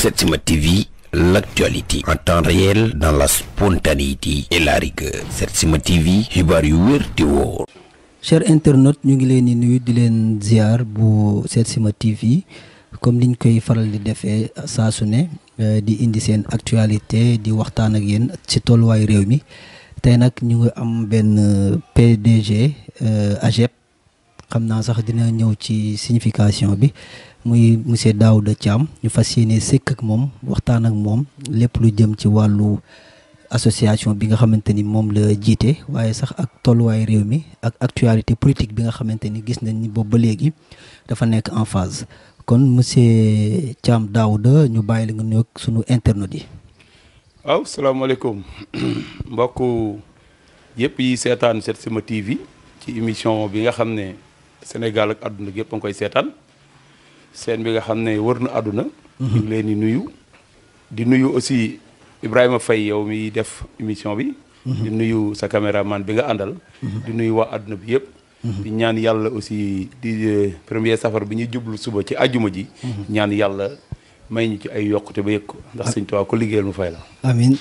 Setsima TV l'actualité un temps réel dans la spontanéité et la rigueur Setsima TV xibaar yu wér te wóor chers internautes ñu ngi leen di nuyu di leen ziar bu Setsima TV comme liñ koy faral di defee saa su ne eh, di indi seen actualité di waxtaan ak yéen ci tolluwaay réew mi tey nag ñu ngi am benn eh, PDG eh, AGEP xam naa sax dina ñëw ci signification bi muy monsieur Daouda Thiam ñu fas yéene sëkk ak moom waxtaan ak moom lépp lu jëm ci wàllu association bi nga xamante ni moom la jiite waaye sax ak tolluwaay réew mi ak actualité politique bi nga xamante ni gis nañ ni boobu ba léegi dafa nekk en phase kon monsieur Thiam Daouda ñu bàyyi la nga nuyoog sunu internautes yi. waaw salaamaaleykum mbokk yëpp yi seetaan Setsima TV ci émission bi nga xam ne Sénégal ak àdduna gépp a koy seetaan. seen bi nga xam ne wër na àdduna mhm. ñu ngi leen di nuyu di nuyu aussi Ibrahima Faye yow mi def émission bi mhm. di nuyu sa man bi nga àndal mhm. di nuyu wax àdduna bi yëpp ñaan yàlla aussi di euh, premier safar bi ñuy jublu suba ci àjjuma ji ñaan yàlla may ñu ci ay yokkute ba yëg ko ndax ah. sëñ Tuubaa ko liggéeyal mu fay la amiin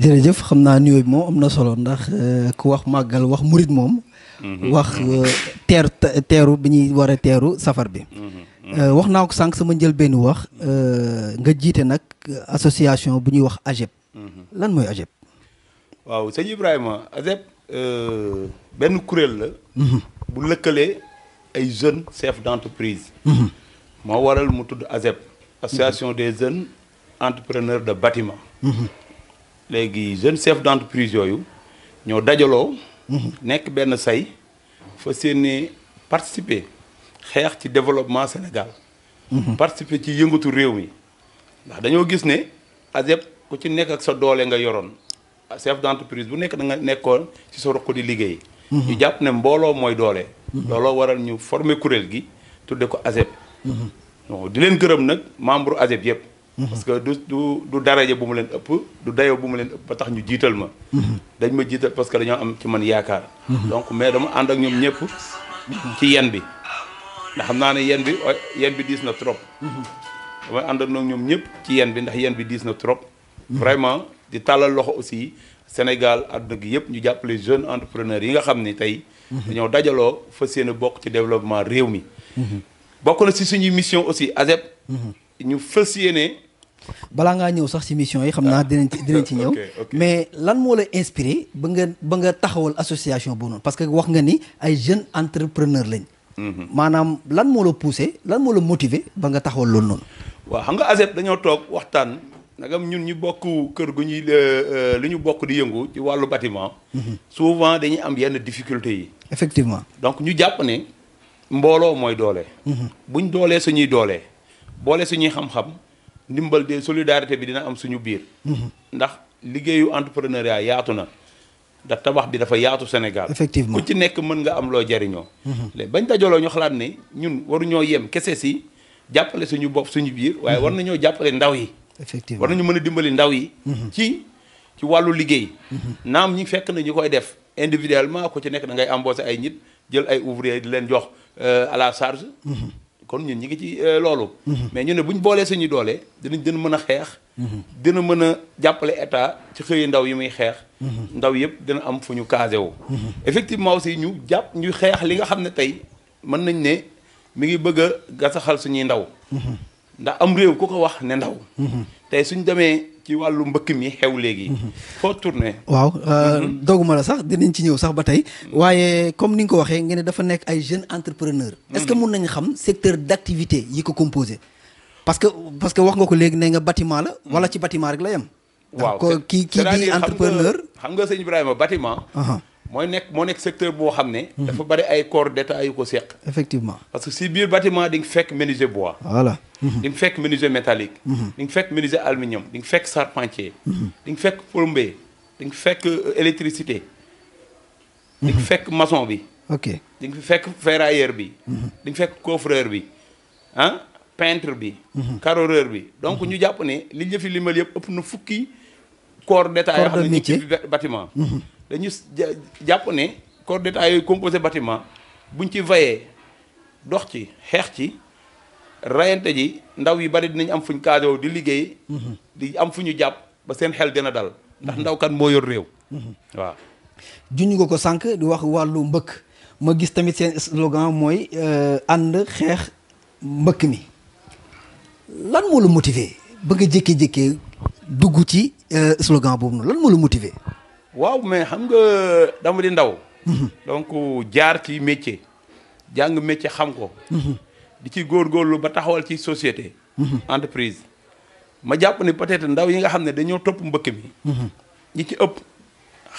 jërëjëf xam naa nuyoo bi moom am na solo ndax euh, ku wax màggal wax murit moom wax euh, teeru teeru bi ñuy war teeru safar bi Euh, wax naa ko sànq sama njël benn wax euh, nga jiite nag association bu ñuy wax AGEP. Mhm. lan mooy AGEP. waaw sëñ Ibrahima AGEP euh, benn kuréel la. Mhm. bu lëkkalee ay jeunes chefs d'entreprise. Mhm. moo waral mu tudd AGEP. association des jeunes entrepreneurs de bâtiment. léegi jeunes chefs d'entreprise yooyu ñoo dajaloo. nekk benn say fa seen participer. xeex ci développement Sénégal. participer ci yëngatu réew mi ndax dañoo gis ne ASEP ku ci nekk ak sa doole nga yoroon chef d'entreprise bu nekk da nga nekkoon ci sa roq di liggéey. Mhm. ñu jàpp ne mbooloo mooy doole. looloo waral ñu former kuréel gi tudde ko ASEP. Mhm. di leen gërëm nag membre ASEP yëpp. Mhm. parce que du du du daraja bu mu leen ëpp du dayoo bu mu leen ëpp ba tax ñu jiital ma. dañ ma jiital parce que dañoo am ci man yaakaar. donc mais dama ànd ak ñoom ñëpp yen bi. ndax xam naa ne yéen bi yéen bi diis na trop. damay àndandoo ak ñoom ñëpp ci yéen bi ndax yéen bi diis na trop. vraiment di tàllal loxo aussi Sénégal àdduna gi yëpp ñu jàppale jeunes entrepreneurs yi nga xam ni tey. dañoo dajaloo fas yéene bokk ci développement réew mi. bokk na si suñuy mission aussi ASEP. ñu fës yéene. balaa ngaa ñëw sax si mission yi xam naa ah. dinañ ci dinañ ci ñëw mais lan moo la inspiré ba nga ba nga taxawal association boo noonu parce que wax nga ni ay jeunes entrepreneurs lañ. maanaam lan moo la poussé lan moo la motivé ba nga taxawal loolu noonu. waa xam nga ASEP dañoo toog waxtaan nagam ñun ñu bokk kër gu ñuy euh, euh, lu ñu bokk di yëngu ci wàllu bâtiment mhm. souvent dañuy am yenn difficulté yi. effectivement donc ñu jàpp ne mbooloo mooy doole. Mhm. buñ doolee suñuy doolee boole suñuy xam-xam ndimbal de solidarité bi dina am suñu biir. Mhm. ndax liggéeyu entrepreneuriat yaatu na. ndax tabax bi dafa yaatu Sénégal. effectivement ku ci nekk mën nga am loo jariñoo léegi bañ dajaloo ñu xalaat ni ñun waruñoo yem kese si jàppale suñu bopp suñu biir waaye war nañoo jàppale ndaw yi. effectivement war nañu mën a dimbali ndaw yi. Mhm. ci ci wàllu liggéey. Mhm. naam ñi fekk na ñu koy def individuellement ku ci nekk da ngay embauché ay nit jël ay ouvrier di leen jox euh, à la charge. Mhm. kon ñun ñi ngi ci euh, loolu. mais ñu ne buñ boolee suñu doole dinañ dina mën a xeex. dina mën a jàppale état ci xëyu ndaw yi muy xeex. ndaw yëpp dina am fu ñu casé wu. effectivement aussi ñu jàpp ñu xeex li nga xam ne tey mën nañ ne mi ngi bëgg a gasaxal suñuy ndaw. ndax am réew ku ko wax ne ndaw. tey suñ demee ci wàllu mbëkk mi xew léegi. foo tourné. waaw euh, mhm. doguma la sax dinañ ci ñëw sax ba tey. Mhm. waaye comme ni nga ko waxee nga ne dafa nekk ay jeunes entrepreneurs. Mhm. est que mun nañ xam secteur d'activité yi ko composé. parce que parce que wax nga ko léegi ne nga batiment la. wala ci bâtiment rek la yem. waaw ko kii kii di entrepreneur xam nga sëñ Ibrahima bâtiment uh-huh. mooy nekk moo nekk secteur boo xam ne hmm. dafa bari ay corps d'état yu ko seq effectivement parce que si biir batiment di nga fekk menuisier bois voilà di nga hmm. fekk menuisier métallique hmm. di nga fekk menuisier aluminium di nga fekk charpentier di nga fekk plombier fekk euh, électricité di nga fekk maçon bi ok di nga fekk ferrailleur bi di fekk coffreur bi ah peintre bi carreleur bi donc ñu jàpp ne li ñu fi limal yëpp ëpp na fukki corps d'état yoo xam ne ñu ci mhm. dañu jàpp ne corps d'état yooyu composé bâtiment buñ ci vayee dox ci xeex ci rayante ji ndaw yi bari dinañ am fuñ kaajoo di liggéey mhm. di am fu ñu jàpp ba seen xel dina dal ndax mhm. ndaw kan moo yor réew waaw juñu nga ko sànq di wax wàllu mbëkk ma gis tamit seen slogan mooy euh, ànd xeex mbëkk mi lan moo la motiver ba nga jékkee-jékkee dugg ci Euh, slogan boobu noonu lan moo la motiver. waaw mais xam nga dama di ndaw. Mhm. donc jaar ci métier. jàng métier xam ko. Mhm. di ci góorlu ba taxawal ci société. Mhm. entreprise. ma jàpp ne peut-être ndaw yi nga xam ne dañoo topp mbëkk mi. ñi ci ëpp.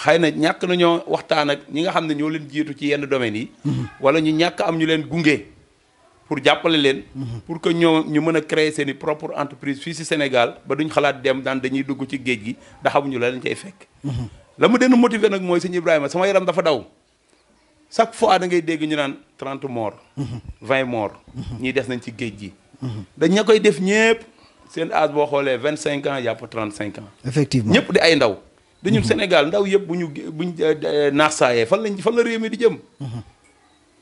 xëy na ñàkk nañoo waxtaan ak ñi nga xam ne ñoo leen jiitu ci yenn domaines yi. wala ñu ñàkk am ñu leen gunge. pour jàppale leen. Mhm. pour que ñoo ñu mën a créer seen i propre entreprise fii ci Sénégal ba duñ xalaat dem daan dañuy dugg ci géej gi da xamuñu la leen cay fekk. Mhm. la mu den motiver nag mooy sëñ Ibrahima sama yaram dafa daw chaque fois da ngay dégg ñu naan trente morts. Mhm. vingt morts. ñii des nañ ci géej gi. dañ ña koy def ñëpp seen âge boo xoolee vingt cinq ans yàpp trente cinq ans. effectivement ñëpp di ay ndaw. dañu Sénégal ndaw yëpp bu ñu bu ñu euh, euh, naasaayee fan lañ fan la réew mi di jëm.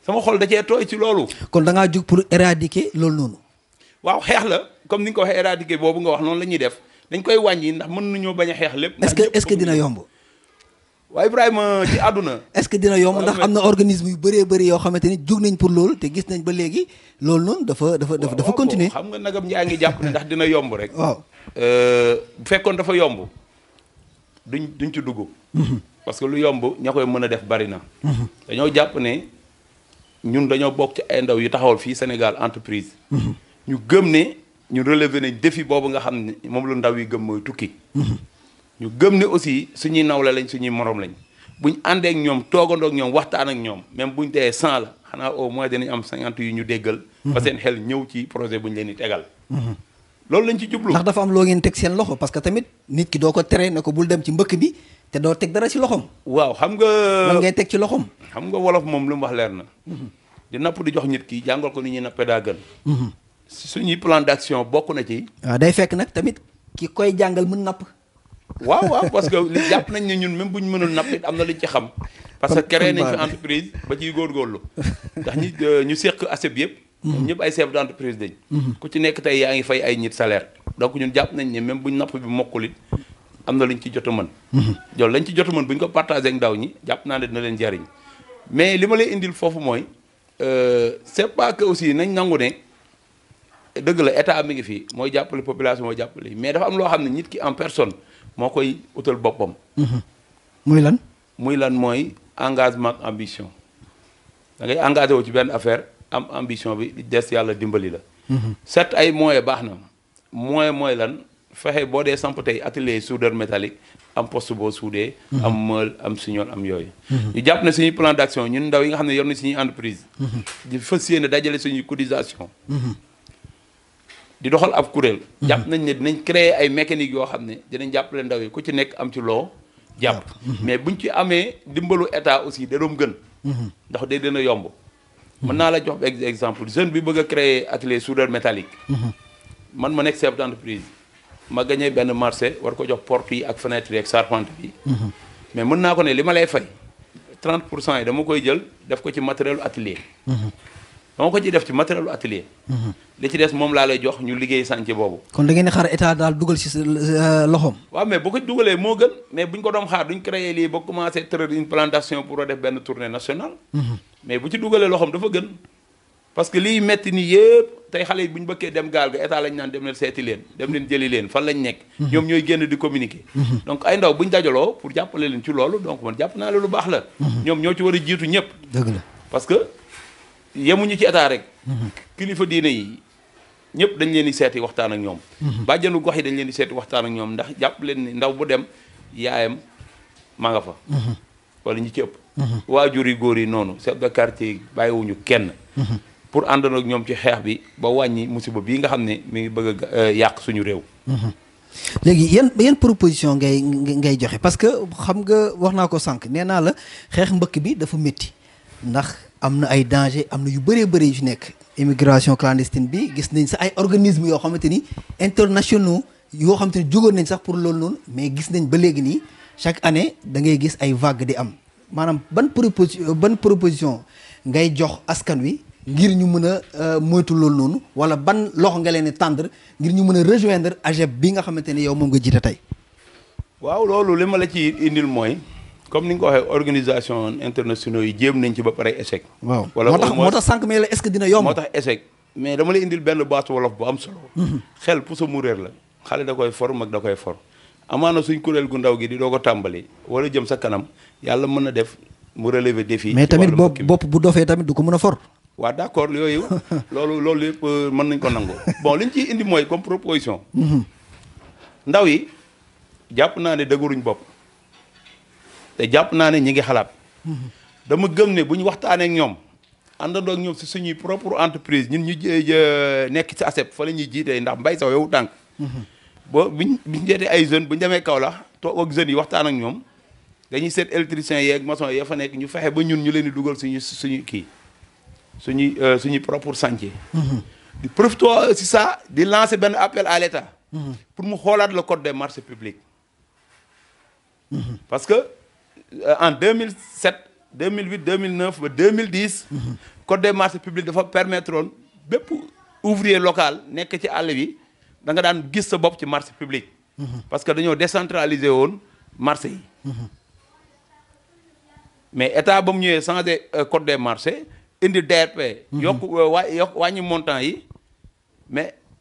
sama xol da cee tooy ci loolu. kon da jug pour éradiquer lool noonu. waaw xeex la comme ni nga ko waxee éradiquer boobu nga wax noonu lañuy def dañ koy wàññi ndax mën nañoo bañ a xeex lépp. est-ce que est-ce que dina yomb. waaw Ibrahima ci àdduna. est-ce que dina yomb ndax am na organisme yu bëree bëri yoo xamante ni jug nañ pour loolu te gis nañ ba léegi loolu noonu dafa dafa dafa dafa continuer xam nga nagam njaa ngi jàpp ne ndax dina yomb rek. waaw euh, bu fekkoon dafa yomb duñ duñ ci dugg. Mhm. parce que lu yomb ña koy mën a def bari na. Mhm. ñun dañoo bokk ci ay ndaw yu taxawal fii Sénégal entreprise. ñu gëm ne ñu relever nañ défi boobu nga xam ne moom lu ndaw yi gëm mooy tukki. ñu gëm ni aussi suñuy nawle lañ suñuy morom lañ buñ àndeek ñoom toogandoo ñoom waxtaan ak ñoom même buñ teyee cent la xanaa au moins dinañ am cinquante yu ñu déggal. ba seen xel ñëw ci projet buñ leen di tegal. loolu lañ ci jublu ndax dafa am loo ngeen teg seen loxo parce que tamit nit ki doo ko tere ne ko bul dem ci mbëkk bi te doo teg dara ci loxom waaw xam nga lan ngay teg ci loxom xam nga wolof moom lu mu wax leer na di napp di jox nit ki jàngal ko ni ñuy nappee daa gën mhm. suñuy plan d'action bokk na ci waaw day fekk nag tamit ki koy jàngal mën napp waaw waaw parce que li jàpp nañ ne ñun même bu ñu mënul napp it am na lu ñu ci xam parce que créé nañ fi entreprise ba ciy góorgóorlu ndax ñu euh, ñu séq aseb yëpp ñoom ñëpp ay chef d'entreprise dañ mhm. ku ci nekk tey yaa ngi fay ay nit salaire donc ñun jàpp nañ ne même buñ napp bi mokkulit am na luñ ci jot a mën mhm. lañ ci jot a mën buñ ko partagé ak ndaw ñi jàpp naa ne dina leen jariñ mais li ma lay indil foofu mooy euh, c'est pas que aussi nañ nangu ne dëgg la état mi ngi fii mooy jàppale population mooy jàppale mais dafa am loo xam ne nit ki en personne moo koy utal boppam mhm. muy lan muy lan mooy engagement ambition da ngay engagé wu ci benn affaire am ambition bi des yàlla dimbali la. certes ay moyens baax na moyen mooy lan fexe boo dee samp tey atelier soudeur métalique am poste boo suudee. am mël am signol am yooyu. ñu jàpp ne suñuy plan d' action ñun ndaw yi nga xam ne yoon na suñuy entreprise. di fas yéene dajale suñuy cotisation. di doxal ab kuréel. jàpp nañ ne dinañ créer ay mécanique yoo xam ne dinañ jàppale ndaw yi ku ci nekk am ci loo. jàpp mais bu buñ ci amee dimbalu état aussi da doon gën. Mhm. ndax day dina yomb. mën naa la jox exemple jeune bi bëgg a créer atelier soudeur métallique. man ma nekk chef d'entreprise ma gagné benn marché war ko jox porte yi ak fenêtre yi ak charpente bi. mais mën naa ko ne li ma lay fay 30 pour cent yi dama koy jël def ko ci matériel atelier. dama ko ciy def ci matériel atelier. Mhm. li ci des moom laa lay jox ñu liggéey chantier boobu. kon da ngeen di xaar état daal dugal ci loxoom. waaw mais bu ko dugalee moo gën mais bu ñu ko doon xaar duñ créé lii ba commencé tëral une plantation pour def benn tournée nationale. Mhm. mais bu ci dugalee loxoom dafa gën. parce que liy metti nii yëpp tey xale yi bu ñu bëggee dem gaal ga état lañ naan dem leen seeti leen dem leen jëli leen fan lañ nekk. Mhm. ñoom ñooy génn di communiquer. donc ay ndaw bu ñu dajaloo pour jàppale leen ci loolu donc man jàpp naa ne lu baax la. ño ñoo ci war a jiitu ñëpp. dëgg la parce yemuñu ci état rek. Mhm. kilifa diine yi ñëpp dañ leen di seeti waxtaan ak ñoom. Mhm. bàjjenu gox yi dañ leen di seeti waxtaan ak ñoom ndax jàpp leen ni ndaw bu dem yaayam ma nga fa. Mhm. wala ñi ci ëpp. waajur yi góor yi noonu chef de quartier bàyyiwuñu kenn. pour àndandoo ak ñoom ci xeex bi ba wàññi musiba bii nga xam ne mi ngi bëgg euh, yàq suñu réew. léegi yan yan proposition ngay ngay joxe parce que xam nga wax naa ko sànq nee naa la xeex mbëkk bi dafa métti ndax. am na ay danger am na yu bëree bëri yu ci nekk immigration clandestine bi gis nañ sax ay organismes yoo xamante ni internationaux yoo xamante ni jógoon nañ sax pour loolu noonu mais gis nañ ba léegi nii chaque année da ngay gis ay vague di am maanaam ban proposition ban proposition ngay jox askan wi ngir ñu mën a euh, moytu loolu noonu wala ban loxo nga leen di tendre ngir ñu mën a rejoindre AGEP bi nga xamante ni yow moom nga jiite tey. waaw loolu li ma la ci indil mooy. comme ni nga ko waxee organisation internationaux yi jéem nañ ci ba pare échec. waaw moo tax moo tax sànq mais la est-ce que dina yomb. moo tax échec mais dama lay indil benn baatu wolof bu am solo. Mhm. xel pour sa muréer la. xale da koy for mag da koy for amaana suñ kuréel gu ndaw gi di doo ko tàmbali wala jëm sa kanam yàlla mën na def mu relever défi. mais tamit bopp bopp bu dofee tamit du ko mën a for. waa d' accord yooyu loolu loolu yëpp euh, mën nañ ko nangoo bon liñ ci indi mooy comme proposition. Mhm. ndaw yi jàpp naa ne dëgëruñ bopp. te jàpp naa ne ñi ngi xalaat mhm. dama gëm ne bu ñu waxtaanee ak ñoom àndandoo ak ñoom si suñuy propre entreprise ñun ñu nekk si ASEP fa la ñuy jiitee ndax mbay sax yow tànk mhm. bo biñ biñu jeetee ay jeunes bu ñu kaw Kaolack toog ak yi waxtaan ak ñoom dañuy seet électricien yeeg maçon ya fa nekk ñu fexe ba ñun ñu leen di dugal suñu suñu kii suñuy euh, suñuy propre chantier mhm. di profité si ça di lancer benn appel à l'État pour mu xoolaat le code des marchés publics Euh, en mille 2007 2008 2009 ba 2010. code des marchés publics dafa permettre woon bépp ouvrier local nekk ci àll bi da nga daan gis sa bopp ci marché public. parce que dañoo décentraliser woon marché yi. mais état ba mu ñëwee changé euh, code des marchés indi DRP. yokk euh, waa yokk montant yi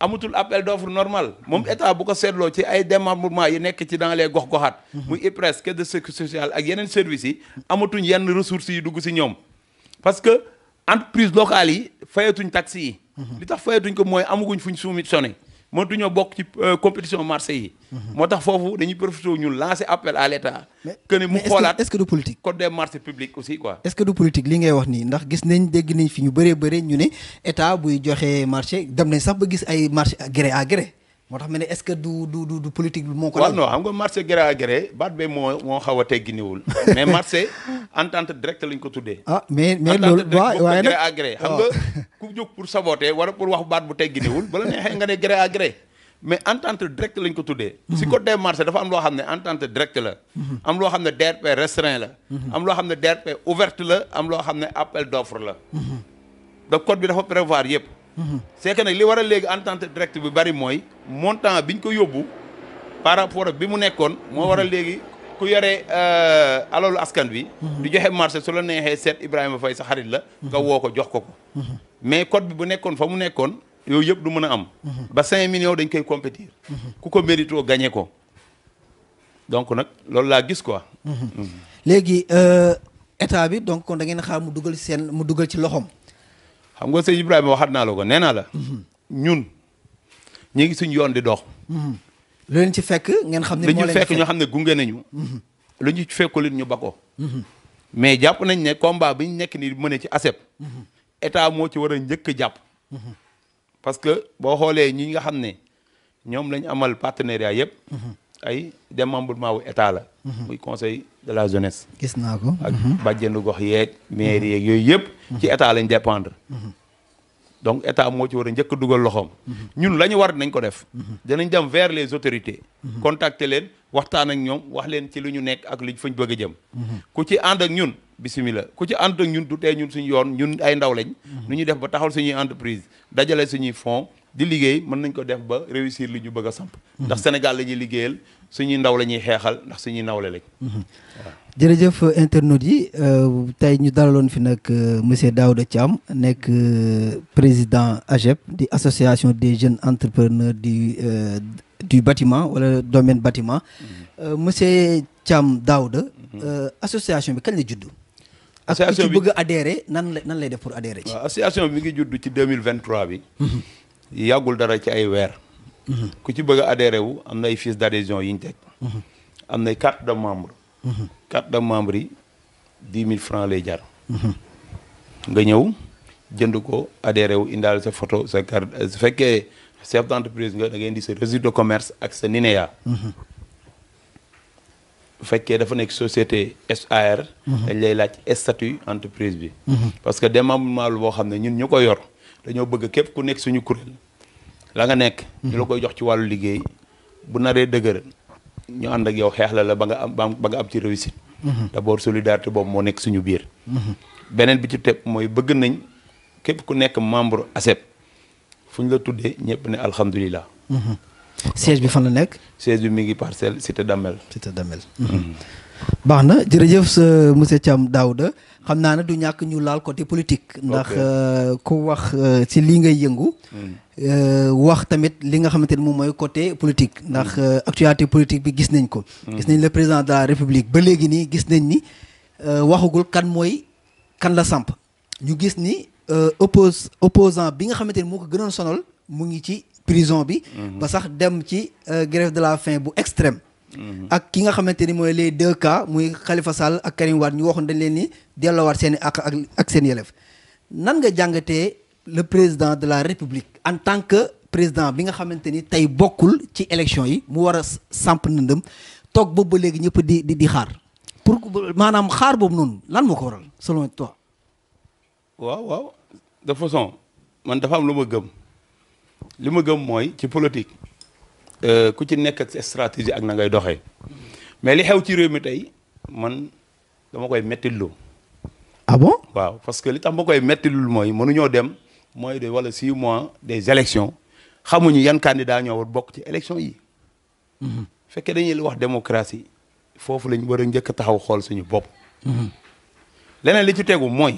amatul appel d'offre normal moom état bu ko seetloo ci ay démembrement yi nekk ci dans les gox-goxaat. Mhm. muy IPRES caisse de sécurité social ak yeneen service yi. amatuñ yenn ressources yi dugg si ñoom parce que entreprise locale yi fayatuñ taxes yi. Mhm. li tax fayatuñ ko mooy amaguñ fuñ soumissionné. mënatu ñoo bokk ci euh, compétition marché yi. Mhm. moo tax foofu dañuy profité ñun lancer appel à l' état. que du politique. code des marchés publics aussi quoi. est ce que du politique li ngay wax nii ndax gis nañ dégg nañ fi ñu bëree bëri ñu ne état buy joxe marché dem nañ sax ba gis ay marché gré à gré. moo tax ma ne est-ce que du du du politique bi ko. waaw non xam nga marché gré à baat bee moo moo xaw a tegginiwul mais marché entente direct lañ ko tuddee. ah mais mais loolu waaw waaye nag gré xam nga oh. ku jóg pour saboter wala pour wax baat bu tegginiwul bala neexee nga ne gré gré. mais entente directe lañ ko tuddee. Mhm. si côté marché dafa am loo xam ne entente directe la. Mhm. am loo xam ne DRP la. Mhm. am loo xam ne DRP ouverte la am loo xam ne appel d'offre la. da code bi dafa prévoir yëpp. c'est que nag li war a léegi entente directe bi bari mooy montant ñu ko yóbbu par rapport ak bi mu nekkoon moo war a léegi ku yore euh, alalu askan bi di joxe marché su la neexee seet Ibrahima Faye sa xarit la nga woo ko jox ko ko mais code bi bu nekkoon fa mu nekkoon yooyu yëpp du mën a am ba cinq millions dañ koy compétir ku ko mérito gañee ko donc nag loolu laa gis quoi léegi euh, état bi donc kon da ngeen xaar mu dugal seen mu dugal ci loxoom xam nga sëñ Ibrahima waxaat naa la ko nee la. Mhm. ñun ñu ngi suñu yoon di dox. Mhm. lu leen ci fekk ngeen xam ne moo leen fekk ñu xam ne gunge nañu. Mhm. lu ñu fekkul it ñu ba ko. mais jàpp nañ ne combat bi ñu nekk nii mëne ci ASEP. état moo ci war a njëkk a jàpp. parce que boo xoolee ñi nga xam ne ñoom lañ amal partenariat yëpp. ay démembrement wu état la. muy de la jeunesse. gis naa ko. ak mhm. bàjjenu gox yeeg. mairie yeeg yooyu yëpp. Mhm. ci état lañ dépendre. Mhm. donc état moo ci war a njëkk dugal loxoom. ñun la ñu war nañ ko def. danañ dem vers les autorités. contacter leen waxtaan ak ñoom wax leen ci lu ñu nekk ak li fañ bëgg a jëm. ku ci ànd ak ñun bisimilah ku ci ànd ak ñun du tee ñun suñu yoon ñun ay ndaw lañ. nu ñu def ba taxal suñuy entreprise dajale suñuy fonds. di liggéey mën nañ ko def ba réussir li ñu bëgg a samp ndax mhm. Sénégal la ñuy liggéeyal suñuy ndaw la ñuy xeexal ndax suñuy nawle lekk waaw mhm. jërëjëf internautes yi euh, tey ñu dalaloon fi nag euh, monsieur Daouda Thiam nekk euh, président AGEP di association des jeunes entrepreneurs du du bâtiment wala domaine batiment mhm. monsieur cam Daouda association bi kañ la judd ak ki ci bëgg adhérer nan nan lay def pour adhérer ci association bi mi ngi juddu ci 2023 bi yàggul dara ci ay weer. Mhm. ku ci bëgg a wu am na ay fiches d' adhésion ñu teg. Mhm. am na carte de membre. Mhm. carte de membre yi dix mille francs lay jar. nga ñëw jënd ko adhéré wu indaal sa photo sa carte su fekkee chef d' entreprise nga da indi sa registre de commerce ak sa NINEA. fekkee dafa nekk société SAR. dañ lay laaj statut entreprise bi. parce que démembrement lu boo xam ne ñun ñu ko yor. dañoo bëgg képp ku nekk suñu kuréel la nga nekk ñu la koy jox ci wàllu liggéey bu naree dëgër ñu ànd ak yow xeex la ba nga am ba nga am ci réussite mhm. d'abord solidarité boobu moo nekk suñu biir mhm. beneen bi ci teg mooy bëgg nañ képp ku nekk membre ACEP fu ñu la tuddee ñëpp ne alhamdulilah mhm. siège bi fa la nekk chaise bi mi ngi parcelle cité Damel cité Damel baax na jërëjëf sa euh, monsieur Thiam Daouda xam naa ne du ñàkk ñu laal côté politique. ndax euh, ku wax euh, ci lii ngay yëngu. Hmm. wax tamit li nga xamante ne moom mooy côté politique. ndax hmm. actualité politique bi gis nañ ko. Hmm. gis nañ le président de la république ba léegi nii gis nañ ni waxagul kan mooy kan la samp ñu gis ni oppose opposant bi nga xamante ni moo ko gënoon sonal mu ngi ci prison bi. ba sax dem ci grève de la fin bu extrême. ak ki nga xamante ni mooy les de cas muy xalifa Sall ak Karim Wade ñu waxoon dañ leen ni delloowaat seen i ak ak seen yelef nan nga jàngatee le président de la république en tant que président bi nga xamante ni tey bokkul ci élection yi mu war a samp ndëndëm toog boobu ba léegi ñëpp di di di xaar pour maanaam xaar boobu noonu lan moo ko waral selon toi. waaw waaw de façon man dafa am lu ma gëm li ma gëm mooy ci politique. Euh, ku ci nekk ak stratégie ak na ngay doxee mais li xew ci réew mi tey man dama koy mettilu ah waaw parce que li tax ma koy mettilul mooy mënuñoo dem mooy de wala six mois des élections xamuñu yan daa ñoo bokk ci élection yi mhm. fekkee dañuy wax démocratie foofu lañu war a njëkk taxaw xool suñu bopp mhm. leneen li ci tegu mooy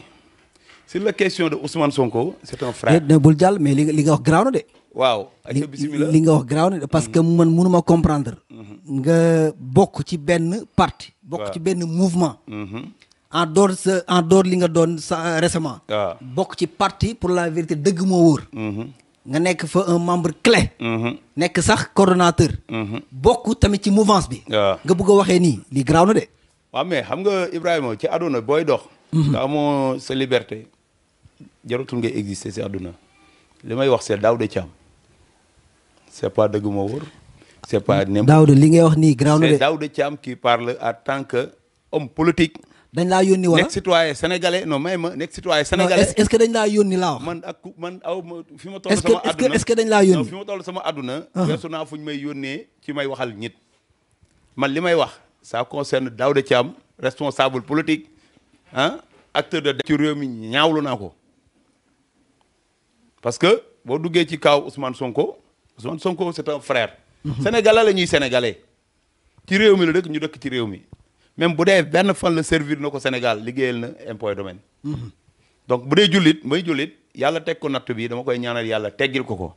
sur la question de Ousmane Sonko c'est un frère. bul jàll mais li nga wax garaaw na de waaw ayca bisimilah li nga wax garaaw na parce que man mënuma comprendre. Mhm. nga bokk ci benn parti. bokk ci benn mouvement. Mhm. en dehors en dehors li nga doon sa euh, récemment. bokk ci parti pour la vérité dëgg moo wóor. Mhm. nga nekk fa un membre clé. nekk sax coordonateur bokk tamit ci mouvance bi. nga bugg waxee nii lii garaaw na de. waaw mais xam nga Ibrahima ci àdduna booy dox. nga amoo sa liberté. jarutul ngay exister si àdduna. li may wax seet daaw de ci am c'est pas dëgg moo wóor. c'est pas hmm. n'importe li ngay wax nii graaw na de c'est Daouda Thiam qui parle en tant que homme politique. dañ laa yónni wala nekk ah? citoyen sénégalais non may ma nekk citoyen sénégalais. est-ce que dañ laa yónni laa wax. man ak man aw fi ma toll sama. àdduna est-ce que dañ laa yónni fi ma toll sama àdduna. Ah. weesu naa fu ñu may yónnee ci may waxal ñit man li may wax ça concerne Daouda am responsable politique ah acteur de. ci réew mi ñaawlu naa ko parce que boo duggee ci kaw Ousmane Sonko. Ousmane Sonko c'est un frère. sénégalais la ñuy sénégalais. ci réew mi la dëkk ñu dëkk ci réew mi même bu dee benn fan la servir na ko Sénégal liggéeyal na impôt domaine. donc bu dee jullit mooy jullit yàlla teg ko natt bi dama koy ñaanal yàlla teggil ko ko.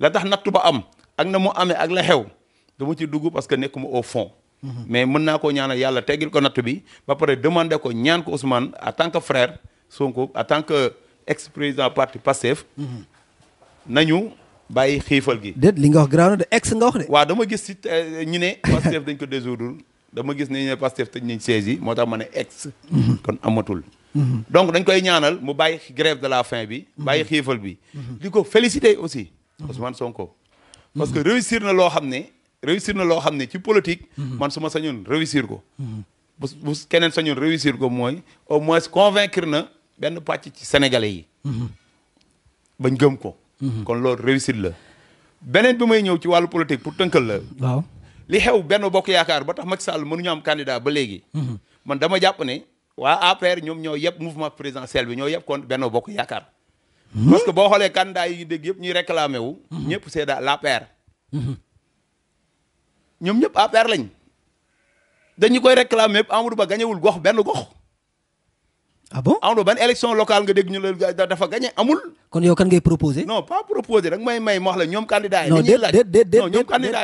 la tax natt ba am ak na mu amee ak la xew dama ci dugg parce que nekkuma au fond. mais mën naa koo ñaanal yàlla teggil ko natt bi ba pare demander ko ñaan ko Ousmane en tant que frère Sonko en tant que ex président parti Pastef nañu. bàyyi xiifal gi. déet li nga wax garaaw na de ex nga wax de. waaw dama gis si euh, ñu ne Pastef dañ ko désoudre dama gis ne ñu ne Pastef tëj nañ siège moo tax ma ne ex. Mhm. kon amatul. Mhm. donc dañ koy ñaanal mu bàyyi grève de la faim bi. Mhm. bàyyi xiifal bi. li ko féliciter aussi. Ousmane Sonko. parce que réussir na loo xam ne. réussir na loo xam ne ci politique. man su ma sañoon réussir ko. bu bu keneen sañoon réussir ko mooy au moins convaincre na benn pàcc ci sénégalais yi. bañ gëm ko. Mhm. kon loolu réussit la. beneen bi may ñëw ci wàllu politique pour tënkal la. waaw li xew benn bokk yaakaar ba tax Macky Sall mënuñu am candidat ba léegi. Mhm. man dama jàpp ne waa APR ñoom ñoo yëpp mouvement présidentiel bi ñoo yëpp kon benn bokk yaakaar. Mhm. parce que boo xoolee candidat yi dégg yëpp ñuy réclamé wu. ñëpp c'est l'APR. ñoom ñëpp APR lañ. dañu koy réclamé yëpp Amadou Ba gañewul gox benn gox. a ah bon amuloo ah ban élection locale nga dégg ñu la dafa gagné amul. kon yow kan ngay proposé. non pas proposé rek may may ma wax la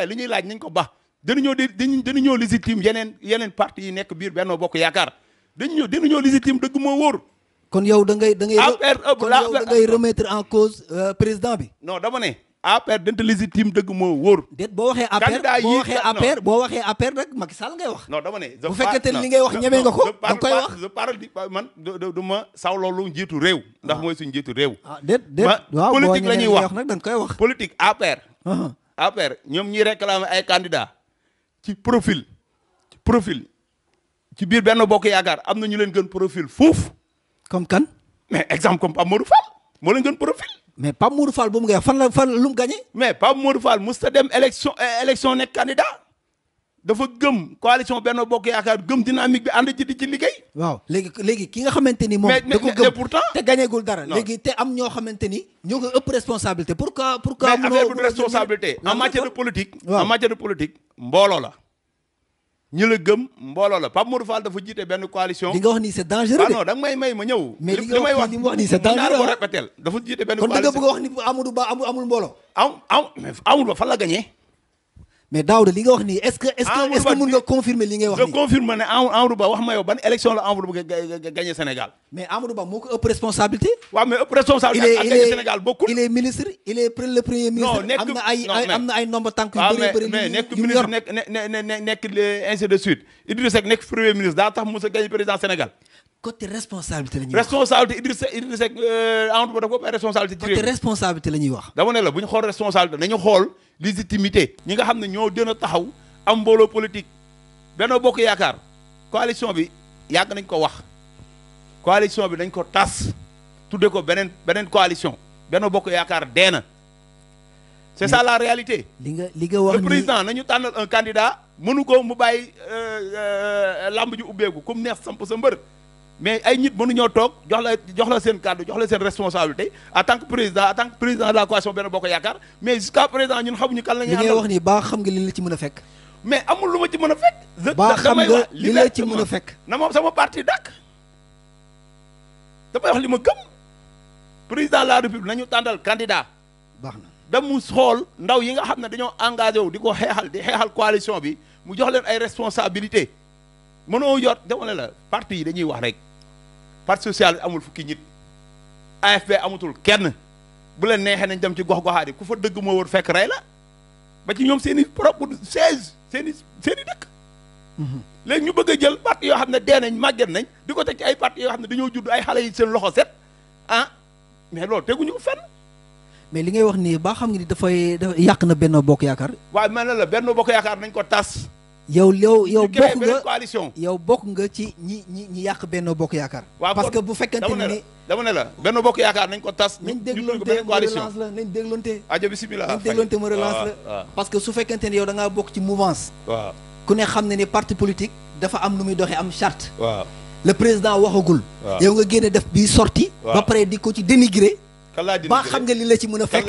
li ñuy laaj nañ ko ba. dañu ñëw di dañu ñëw légitime yeneen yeneen parti yi nekk biir Benno Bokk Yaakaar dañu ñëw dañu ñëw légitime dëgg moo kon yow da ngay da ngay. affaire en cause euh, président bi. non dama ne. APR dente légitime dëgg moo wóor. déet boo waxee APR boo waxee APR boo waxee APR nag Macky Sall ngay wax. bu fekkee li ngay wax ñeme nga ko. da koy wax je parle di man du ma réew. ndax ah. mooy suñu njiitu réew. ah la ñuy wax nag dañ koy wax. politique APR. Ah. APR ñoom ñuy réclamer ay candidats. ci profil. ci profil. ci biir benn bokk yaakaar am na ñu leen gën profil fuuf. comme kan. mais exemple comme Pape Modou Fall moo leen gën profil. mais Pape Modou Fall bu mu gagné fan la fan lu mu gagné. mais Pape Modou Fall mës ta dem élection euh, élection nekk candidat dafa gëm coalition benn Bokk Yaakaar gëm dynamique bi ànd ci ci liggéey. waaw léegi léegi ki nga xamante ni moom. da ko gëm pourtant te gagnéegul dara. léegi te am ñoo xamante ni ñoo ko ëpp responsabilité pourquoi. pourquoi mënoo mais affaire de responsabilité en matière de politique. en matière de politique mbooloo la. ñi la gëm mbooloo la Pape Modou Fall dafa jiite benn coalition. li nga wax nii c'est dangereux ah non da nga may may ma ñëw. mais li nga wax li mu wax nii c'est dangereux ah coalition kon da nga bëgg a wax ni Amadou Ba amul amul Ba fan la gagné. mais Daouda li nga wax nii est-ce que est-ce que est-ce que mën nga confirmer li ngay wax nii. nga confirmer ne Amadou Ba wax ma yow ban élection la Amadou Ba gagné Sénégal. mais Amadou Ba moo ko responsabilité. il est ministre il est le premier ministre. am na ay am na ay nombre tànk yu bëri bëri. mais nekk premier ministre daa tax Moussa gagné président Sénégal. côté responsabilité la ñuy wax responsabilité Idrissa Idrissa Seck euh, Amadou Ba dafa responsabilité. côté responsabilité la dama ne bu ñu xool responsabilité nañu xool légitimité. ñi nga xam ne ñoo gën a taxaw am mbooloo politique benn Bokk Yaakaar coalition bi yàgg nañ ko wax coalition bi dañ ko tas tudde ko beneen beneen coalition benn Bokk Yaakaar dee na. c' est ça la réalité. li nga li nga wax le président nañu tànnal un candidat mënu ko mu bàyyi euh, euh, lamb ji ubbeeku comme neex samp sa mbër. mais ay nit mënuñoo toog jox la jox la seen kàddu jox la seen responsabilité a tant que président en tant que président de la coalition Benno Bokk Yaakaar mais jusqu'à présent ñun xamuñu kan la ñuy àndal li ngay wax a fekk mais amul lu ma ci mën a fekk baa xam nga li la ci mën a fekk na sama parti dàkk li ma gëm président de la république nañu tàndal candidat baax na damu xool ndaw yi nga xam ne dañoo engagé wu di ko xeexal di xeexal coalition bi mu jox leen ay responsabilité mënoo yor dama ne la parti yi dañuy wax rek parti socialiste amul fukki nit AFP amatul kenn bu leen neexee nañ dem ci gox goxaat yi ku fa dëgg moo war fekk rey la ba ci ñoom seen i propre siège seen i seen i dëkk mhm. léegi ñu bëgg a jël parti yoo xam ne dee nañ màgget nañ di ko teg ci ay parti yoo xam ne dañoo judd ay xale yi seen loxo set ah mais loolu teguñu ko fenn mais li ngay wax nii ba xam nga ni dafay yàq na benn bokk yaakaar waaye ma ne la benn bokk yaakaar nañ ko tas yow yow yow bokk nga coalition yow bokk nga ci ñi ñi ñi yàq benn bokk yaakaar waaw parce que bu fekkante ni dama ne la benn bokk yaakaar nañ ko tas nañ déglonte ma relance la nañ ajo bismillah nañ déglonte ma relance la parce que su fekkante ni yow da ngaa bokk ci mouvance ku ne xam ne ni parti politique dafa am nu muy doxee am charte waaw le président waxagul yow nga génne def bii sorti ba pare di ko ci dénigrer baa xam nga li la ci mën a fekk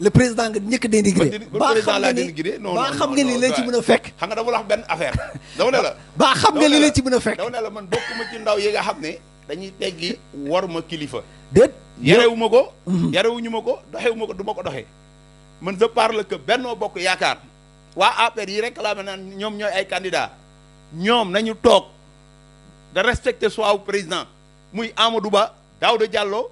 le président nga njëkk dénigré baa xam nga ni baa xam nga li la ci mën a fekk xam nga dama la wax benn affaire dama ne la xam nga li la ci mën a fekk dama ne la man bokkuma ci ndaw yi nga xam ne dañuy teggi war ma kilifa déet yarewu ma ko mhm. yarewuñu ma ko doxewu ko duma ko doxe man je la que Benno Bokk Yaakaar waa APR yi rek laa naan ñoom ñooy ay candidat ñoom nañu toog de respecter soit président muy du Ba Daouda jàlloo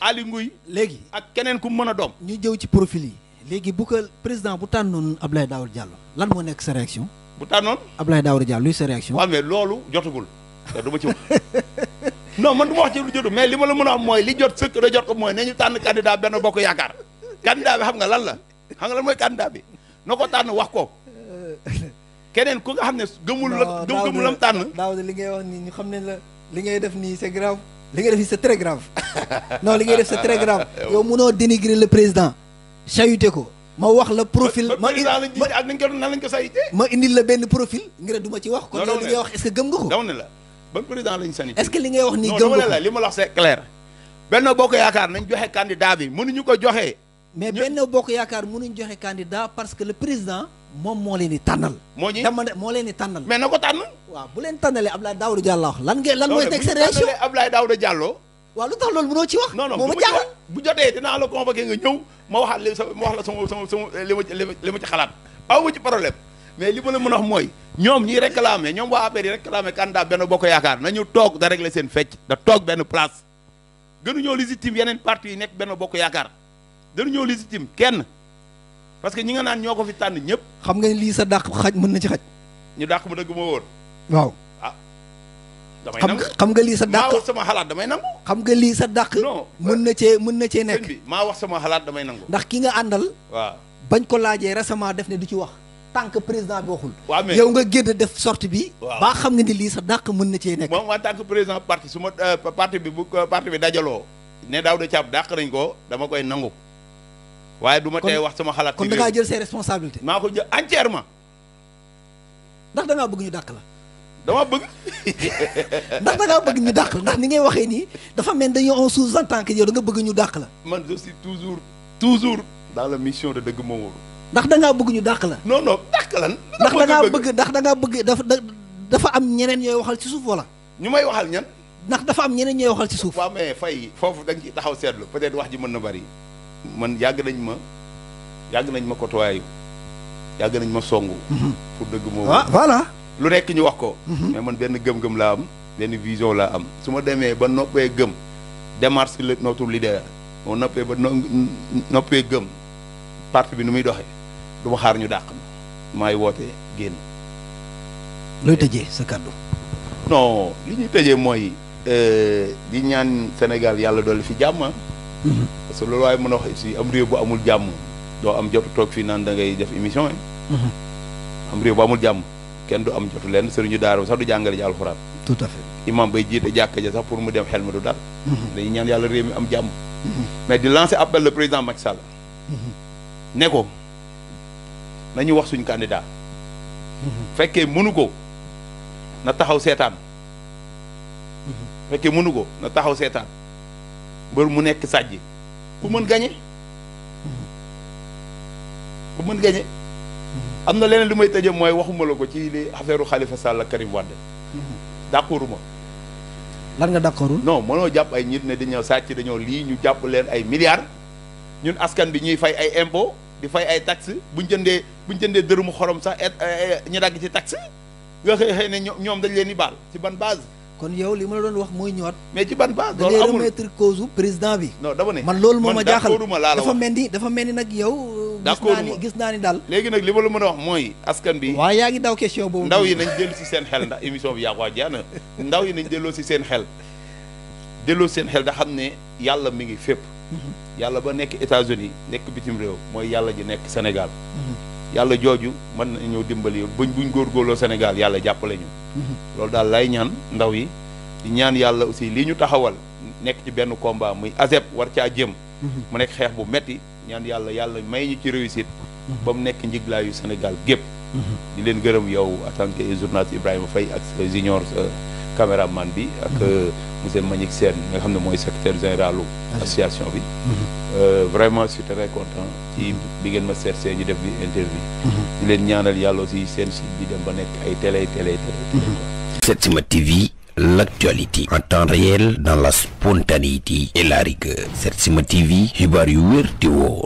Aly Ngouille léegi ak keneen ku mu mën a doom ñu jëw ci profil yi léegi bu ko président bu tànn ab lay daawul Diallo lan moo nekk sa réaction bu tànnoon Abdoulaye Daouda Diallo luy sa réaction waaw mais loolu jotagul te du ma ci wax non man du ma wax ci lu jotu mais li ma la mën a wax mooy li jot sëkk jot ko mooy ne ñu tànn candidat benn bokk yaakaar candidat bi xam nga lan la xam nga lan mooy candidat bi na ko tànn wax ko keneen ku nga xam ne gëmul la gëmul mu tànn Daouda li ngay wax ni ñu xam ne la li ngay def nii c'est grave li nga def c'est très grave non li ngay def c'est très grave yow munoo dénigrer le président sayute ko ma wax la profil ma ma la benn profil nga ne du ci wax kon yow li ngay wax est-ce gëm nga ko dama ne la ban président lañ sani est-ce que li ngay wax nii gëm nga ko li ma la wax c'est clair Benno Bokk Yaakaar nañ joxe candidat bi mënuñu ko joxee mais Benno Bokk Yaakaar mënuñ joxe candidat parce que le président moom moo leen di tànnal. moo ñi dama ne moo leen di tànnal. mais na ko tànn. waaw bu leen tànnalee Abdoulaye Daouda Diallo wax lan ngeen lan mooy. teg sa réaction bu Abdoulaye Daouda Diallo. waaw lu tax loolu mënoo ci wax. non non bu bu jotee dinaa la nga ñëw ma waxaat li ma wax la sama sama sama li ma ci xalaat aw ma ci mais li ma la mën a mooy ñoom ñuy réclamer ñoom waa APR yi réclamer candidat benn bokk yaakaar nañu toog da régler seen fecc da toog benn place gënuñoo légitime yeneen parti yi nekk benn bokk yaakaar gënuñoo légitime kenn parce que ñi nga naan ñoo ko fi tànn ñëpp. xam nga lii sa dàq xaj mën na ci xaj. ñu dàq ma dëgg ma wóor. waaw ah. damay nangu xam nga lii sa dàq maa sama xalaat damay nangu. xam nga lii sa dàq. non mën na cee mën na cee nekk. maa wax sama xalaat damay nangu. ndax ki nga àndal. bañ ko laajee récemment def ne du ci wax. tant que président bi waxul. waaw yow nga génn def sortie bi. waaw ba xam nga ni lii sa dàq mën na cee nekk. moom en tant président parti su ma euh, parti bi bu euh, parti bi dajaloo. ne daaw de caab dàq nañ ko dama koy nangu waaye du ma tey wax sama xalaat. kon da jël see responsabilités. maa ko jël entièrement. ndax da bëgg ñu dàq la. dama bëgg. ndax da ngaa bëgg ñu dàq la ndax ni ngay waxee nii dafa mel dañu on sous-entend que yow da nga bëgg ñu dàq la. man je suis toujours toujours dans la mission de dëgg moo wóoru. ndax da ngaa bëgg ñu dàq la. non non dàq lan. ndax da bëgg ndax da ngaa bëgg dafa dafa am ñeneen ñooy waxal ci suuf wala. ñu may waxal ñan. ndax dafa am ñeneen ñooy waxal ci suuf. waaw mais fay foofu da nga taxaw seetlu peut-être wax ji mën na bari man yàgg nañ ma yàgg nañ ma kotuwaayu yàgg nañ ma songu. Mhm. pour dëgg moom ah voilà. lu nekk ñu wax ko. Mhm. mais man benn gëm-gëm laa am benn vision laa am su ma demee ba noppee gëm démarche la notre leader moo noppee ba noppee gëm parti bi nu muy doxee du xaar ñu dàq ma maay woote génn. looy tëjee sa kàddu. non li ñuy tëjee mooy euh, di ñaan Sénégal yàlla dolli fi jàmm ah. parce que loolu waaye mën a wax si am réew bu amul jàmm doo am jotu toog fii naan da ngay def émission yi. am réew bu amul jàmm kenn du am jotu lenn ñu daara sax du jàngale ji alxuraan. tout à fait imam bay jiite jàkka ja sax pour mu dem xel ma du dal. Mhm. dañuy ñaan yàlla réew mi am jàmm. Mhm. mais di lancé appel le président Macky Sall. Mhm. ne ko nañu wax suñu candidat. fekkee mënu ko na taxaw seetaan. fekkee mënu ko na taxaw seetaan. mbër mu nekk sàjj ku mën gañe ku mën gañe am na leneen li may tëjee mooy waxuma la ko ci li affaire xalifa Sall ak Karim Wade d'accorduma lan nga d'accordul no mënoo jàpp ay nit ne dañoo sàcc dañoo lii ñu jàpp leen ay milliards ñun askan bi ñuy fay ay impôts di fay ay tax buñ jëndee buñ jëndee dërëmu xorom sax ñu dagg ci taxe nga xëy xëy ne ñoom dañ leen di baal ci ban base kon yow li ma la doon wax mooy ñoot mais ci ban base loolu amul da ngay remettre président bi. non dama ne man loolu moo ma jaaxal dafa mel ni dafa mel ni nag yow. Euh, gis naa ni gis naa ni daal. léegi nag li ma la mën a wax mooy askan bi. waaw yaa ngi daw question boobu. ndaw yi nañ dellu si seen xel ndax émission bi yaa ko jaana ndaw yi nañ delloo si seen xel delloo seen xel da xam ne yàlla mi ngi fépp. Mhm. yàlla ba nekk États-Unis nekk bitim réew mooy yàlla ji nekk Sénégal. Mhm. yàlla jooju mën na ñëw dimbali buñ buñ góorgóorloo Sénégal yàlla jàppale ñu. Mhm. loolu daal lay ñaan ndaw yi di ñaan yàlla aussi lii ñu taxawal nekk ci benn combat muy ASEP war caa jëm. Mhm. mu nekk xeex bu metti ñaan yàlla yàlla may ñu ci réussite. Mhm. ba mu nekk njiglaayu Sénégal gépp di leen gërëm yow en tant que journaliste Ibrahima Faye ak sa junior caméraman bi ak mhm. euh, monsieur Manick Sène mi nga xam ne mooy secrétaire général association bi mhm. euh, vraiment je suis très content ci mhm. bi ngeen ma seetsee ñu def bi interview di leen ñaanal yàlla aussi seen site bi dem ba nekk ay télé télé télé Setsima TV l'actualité en temps réel dans la spontanéité et la rigueur Setsima TV xibaar yu wér te